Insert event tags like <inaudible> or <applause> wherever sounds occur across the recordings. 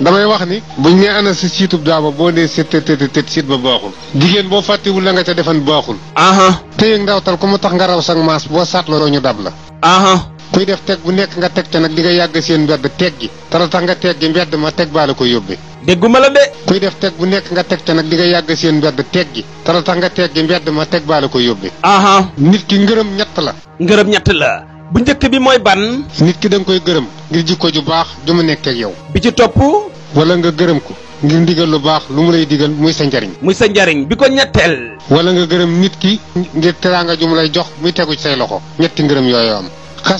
damay wax ni buñ nee ana si siitub daaba boo dee si tët tët tët siit ba baaxul jigéen boo fàttewul la nga ca defan baaxul aha téyeg ndawtal ku mu tax nga raw sang maas boo saatloroo ñu dab la aha kuy def teg bu nekk nga teg ca nag di nga yàgg seen mbedd teg gi te la tax teg gi mbedd ma teg baa la ko de kuy def teg bu nekk nga teg ca nag di nga yàgg seen mbedd teg gi te la tax nga teg gi mbedd ma teg baa la ko yóbbe aha nit ki ngërëm ñett la ngërëm ñett la bu njëkk bi mooy ban nit ki da nga koy gërëm ngir jikko ju baax ju ma nekkee ak yow bi ci topp wala nga gërëm ko ngir ndigal lu baax lu mu lay digal muy sa njariñ muy sa njariñ bi ko ñetteel wala nga gërëm nit ki ngir teraanga ju mu lay jox muy tegu ci say loxo ñetti ngërëm yooyu am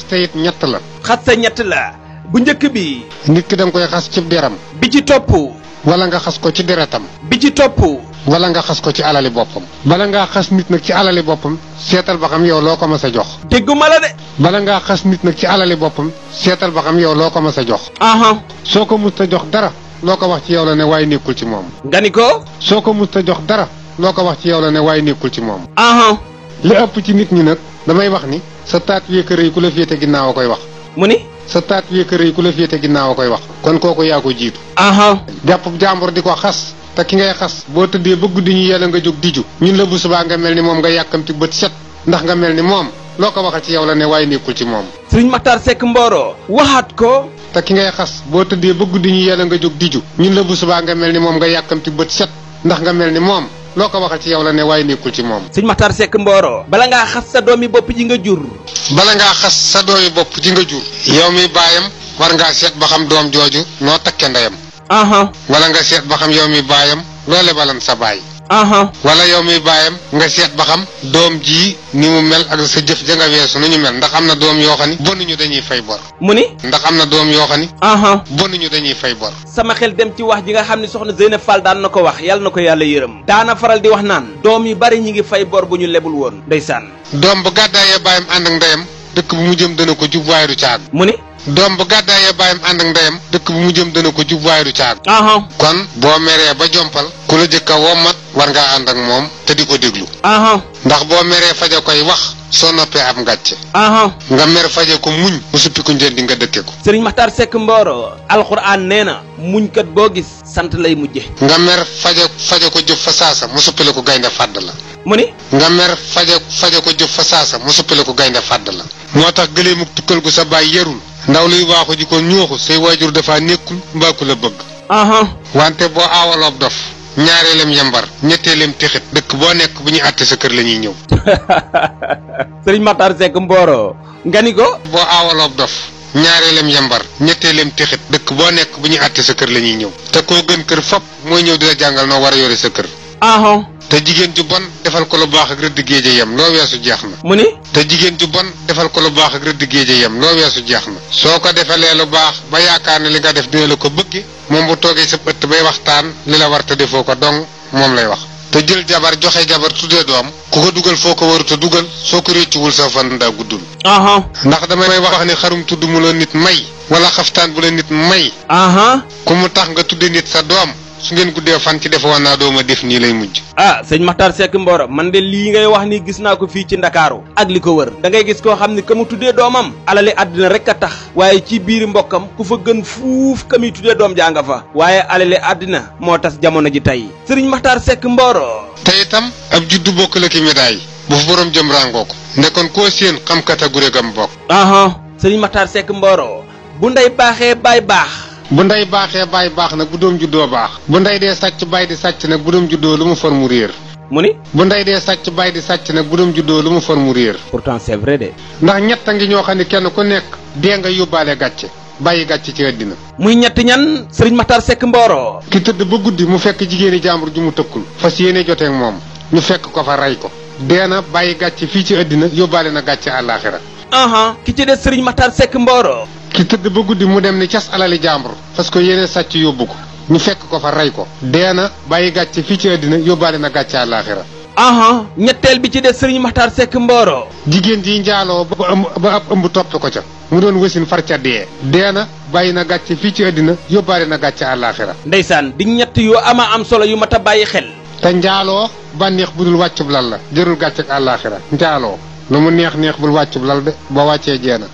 te it ñett la xaste ñett la bu njëkk bi nit ki danga koy xas ci deram bi ci topp wala nga xas ko ci deretam bi ci topp wala nga xas ko ci alali boppam bala ngaa xas nit nag ci alali boppam seetal ba xam yow loo ko mës a jox dégguma la de bala ngaa xas nit nag ci alali boppam seetal ba xam yow loo ko mës a jox soo ko mës a jox dara loo ko wax ci yow la ne waaye nekkul ci moom nga ni ko soo ko mës a jox dara loo ko wax ci yow la ne waaye nekkul ci moom aha li ëpp ci nit ñi nag damay wax ni sa taat kër yi ku la féete ginnaaw a koy wax mu ni sa taat kër yi ku la féete ginnaaw a koy wax kon kooku yaa ko jiitu aha jàpp jàmbur di ko xas te ki ngay xas boo tëddee ba guddi ñu yàlla nga jóg diju ñun la bu baa nga mel ni moom nga yàkkamti bët set ndax nga mel ni moom loo ko waxal ci yow la ne waaye nekkul ci moom. Sëriñ Maxtaar Sekk mbooroo waxaat ko. te ki ngay xas boo tëddee ba guddi ñu yàlla nga jóg diju ñun la bu subaa nga mel ni moom nga yàkkamti bët set ndax mel ni moom. loo ko waxal ci yow la ne waaye nekkul ci moom. sëñ Maxtaar Sekk Mbooro. bala ngaa xas sa yi bopp ji nga jur. bala ngaa xas sa yi bopp ji nga jur. yow mi baayam war ngaa seet ba xam doom jooju noo takkee ndeyam. wala nga seet ba xam yow mi baayam loole loo lebalan sa baay. wala yow mi baayam nga seet ba xam doom ji ni mu mel ak sa jëf ja nga weesu nu ñu mel ndax am na doom yoo xam ni bonuñu dañuy fay bor. mu ni. ndax am na doom yoo xam ni. bonuñu dañuy fay bor. sama xel dem ci wax ji nga xam ne soxna Zeynab Fall daan na ko wax yàlla na ko yàlla yërëm. daana faral di wax naan. doom yu bari ñu ngi fay bor bu ñu lebul woon. ndeysaan. doom bu gàddaayee baayam ànd ak ndeyam dëkk bu mu jëm dana ko jub waaye du caag. mu ni. doom bu gàddaayee bàyyam ànd ak ndeyam dëkk bi mu jëm dana ko jub waaye du caag kon boo meree ba jompal ku la jëkk jëkka wommat war ngaa ànd ak moom te di ko déglu ndax boo meree faje koy wax soo noppee am ngàcce nga mer faje ko muñ mu suppi ko njëndi nga dëkke ko sëriñ Maxtaar Sekk Mbooro alxuraan nee na muñkat boo gis sant lay mujje nga mer faje faje ko jëf fa saasa mu suppi la ko gaynde fàdd la mu ni nga mer faje faje ko jëf fa saasa mu suppi ko gaynde fàdd la moo tax gëleemuk tukkal gu sa baay yerul ndaw luy waaxu ji ko ñuuxu say waajur dafa nekkul mbaa ku la bëgg. wante boo aawaloob dof ñaareelam yambar ñetteelam texit dëkk boo nekk bu ñuy àtte sa kër la ñuy ñëw. <laughs> sëriñ Matar Seck Mboro nga ni ko. boo aawaloob dof ñaareelam yambar ñetteelam texit dëkk boo nekk bu ñuy àtte sa kër la ñuy ñëw. te koo gën kër fop mooy ñëw di jàngal noo war a yore sa kër. te jigéen ju bon defal ko lu baax ak rëdd géeje yem loo weesu jeex na. mu ni. te jigéen ju bon defal ko lu baax ak rëdd géeje yem loo weesu jeex na. soo ko defalee lu baax ba yaakaar ne li nga def dina la ko bëgg moom bu toogee sa ëtt bay waxtaan li la war te defoo ko dong moom lay wax. te jël jabar joxe jabar tuddee doom ku ko dugal foo ko warut a dugal soo ko réccuwul sa fan daa guddul. ndax damay wax ne xarum tudd mu la nit may. wala xaftaan bu la nit may. ku mu tax nga tuddee nit sa doom. su ngeen guddee fan ci def woon naa dooma def nii lay mujj ah sëñ Makhtar Seck Mboro man de lii ngay wax ni gis naa ko fii ci Ndakaaru ak li ko wër da ngay gis koo xam ne ka mu tuddee doomam alali àddina rek a tax waaye ci biir mbokkam ku fa gën fuuf ka muy tuddee doom jaa nga fa waaye alali àddina moo tas jamono ji tey sëriñ Makhtar sekk Mboro tey itam ab juddu bokk la ki médaille bu fa borom jëm ràngoo ko ndekon koo séen xam kataguré gam bokk aha sëriñ Makhtar Mboro bu bu ndey baaxee baay baax nag bu doom juddoo baax bu ndey dee sàcc baay di sàcc nag bu doom juddoo lu mu for mu mu ni bu ndey dee sàcc baay di sàcc nag bu doom juddoo lu mu for mu réer pourtant c'est vrai de ndax ñett a ngi ñoo xam ne kenn ku nekk dee nga yóbbaale gàcce bàyyi gàcc ci àddina muy ñetti ñan sëriñ Maxtaar Sekk mbooroo ki tëdd ba guddi mu fekk jigéeni jàmbur ji mu tëkkul fas yéene joteeg moom ñu fekk ko fa rey ko dee na bàyyi gàcce fii ci àddina yóbbaale na gàcce àllaaxira ki ci des sëriñ Maxtaar Sekk Mbooro ki tëdd ba guddi mu dem ni cas alali jàmbur parce que yéene sàcc yóbbu ko ñu fekk ko fa rey ko dee na bàyyi gàcce fii ci àddina yóbbaale na gàcce àllaaxira aha ñetteel bi ci des sëriñ Maxtaar Sekk Mbooro jigéen ji njaaloo ba ëmb ba ab ëmb topp ko ca mu doon wësin far ca dee na bàyyi na gàcce fii ci àddina yóbbaale na gàcce àllaaxira ndeysaan di ñett yu ama am solo yu mat a bàyyi xel te njaaloo bànneex bu dul wàccub lal la jërul gàcce àllaaxira njaaloo lu mu neex neex bul wàccub lal de ba wàccee jeena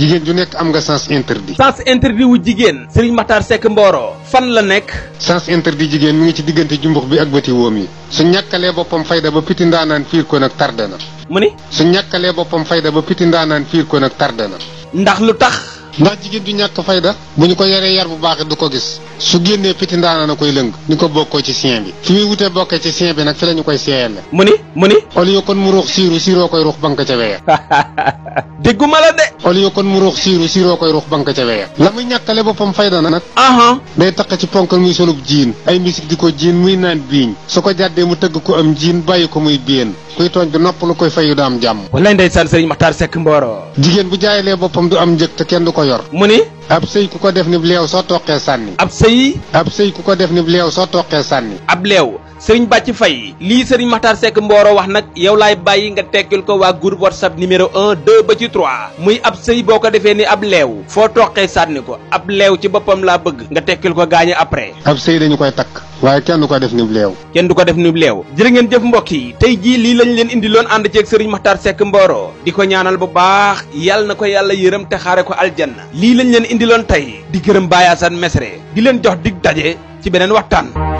jigéen ju nekk am nga sens interdit. sens interdit wu jigéen. Serigne Makhtar Seck Mboro. fan la nekk. sens interdit jigéen mu ngi ci diggante jumbux bi ak bëti woom yi. su ñàkkalee boppam fayda ba piti ndaanaan fiir ko nag tardé na. mu ni. su ñàkkalee boppam fayda ba piti ndaanaan fiir ko nag tardé na. ndax lu tax. ndax jigéen ju ñàkk fayda bu ñu ko yaree yar bu baax du ko gis su génnee piti ndaana na koy lëng ni ko bokkoo ci sien bi fi muy wutee bokkee ci sien bi nag fi la ñu koy seeyale mu ni mu ni au lieu kon mu ruux siiru siiroo koy ruux banque ca weya <laughs> la de au lieu kon mu ruux siiru siiroo koy ruux banque ca weya la muy ñàkkale boppam fayda nag aha day taq ci ponkal muy solub jiin ay misik di ko jiin muy naan biiñ su ko jàddee mu tëgg ko am jiin bàyyi ko muy biin kuy tooñ bi nopp lu koy fayu du am jàmm wallaay ndeysaan sëriñ Maxtaar ko yor mu ni ab sëy ku ko def ni leew soo toqee sànni ab sëy ab sëy ku ko def ni leew soo toqee sànni ab leew sëriñ Bàcc Fay lii sëriñ Maxtaar sekk Mbooro wax nag yow laay bàyyi nga tekkil ko waa groupe whatsapp numéro en 2 ba ci 3 muy ab sëy boo ko defee ni ab leew foo toqee sànni ko ab leew ci boppam laa bëgg nga tekkil ko gaañe après ab sëy dañu koy takk waaye kenn du ko def nib leew kenn du ko def nib leew jërë ngeen jëf mbokk yi tey jii lii lañ leen indiloon ànd ceeg sëriñ Maxtaar Sekk mbooroo di ko ñaanal bu baax yàlla na ko yàlla yërëm te xaare ko aljanna lii lañ leen indi loon tey di gërëm Baye Assane Mesre di leen jox dig daje ci beneen waxtaan